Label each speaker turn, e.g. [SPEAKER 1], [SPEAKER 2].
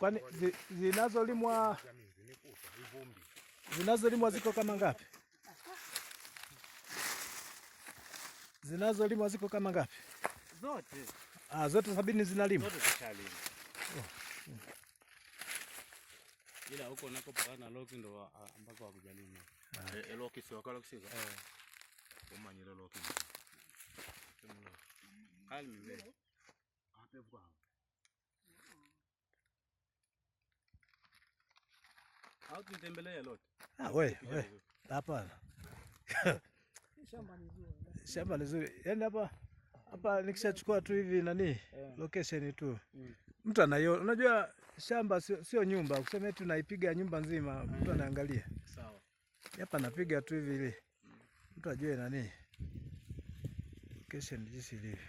[SPEAKER 1] Kwani zinazolimwa zinazolimwa ziko kama ngapi? Zinazolimwa ziko kama ngapi? Zote. Ah, zote sabini zinalimwa.
[SPEAKER 2] Zote zishalimwa. Oh. Ila huko nako unakopakana Loki ndo ambako hakujalimwa. Eh, eh, Loki si wakala kisika. Eh. Umanyiro Loki. Hali mbele.
[SPEAKER 1] Ah, Hapana. Shamba nzuri. Yaani hapa hapa nikishachukua tu hivi nani yeah. Location tu mm. Mtu anaiona, unajua shamba sio, sio nyumba ukisema eti unaipiga nyumba nzima mm. Mtu anaangalia hapa napiga tu hivi ili mtu ajue nani location jinsi ilivyo.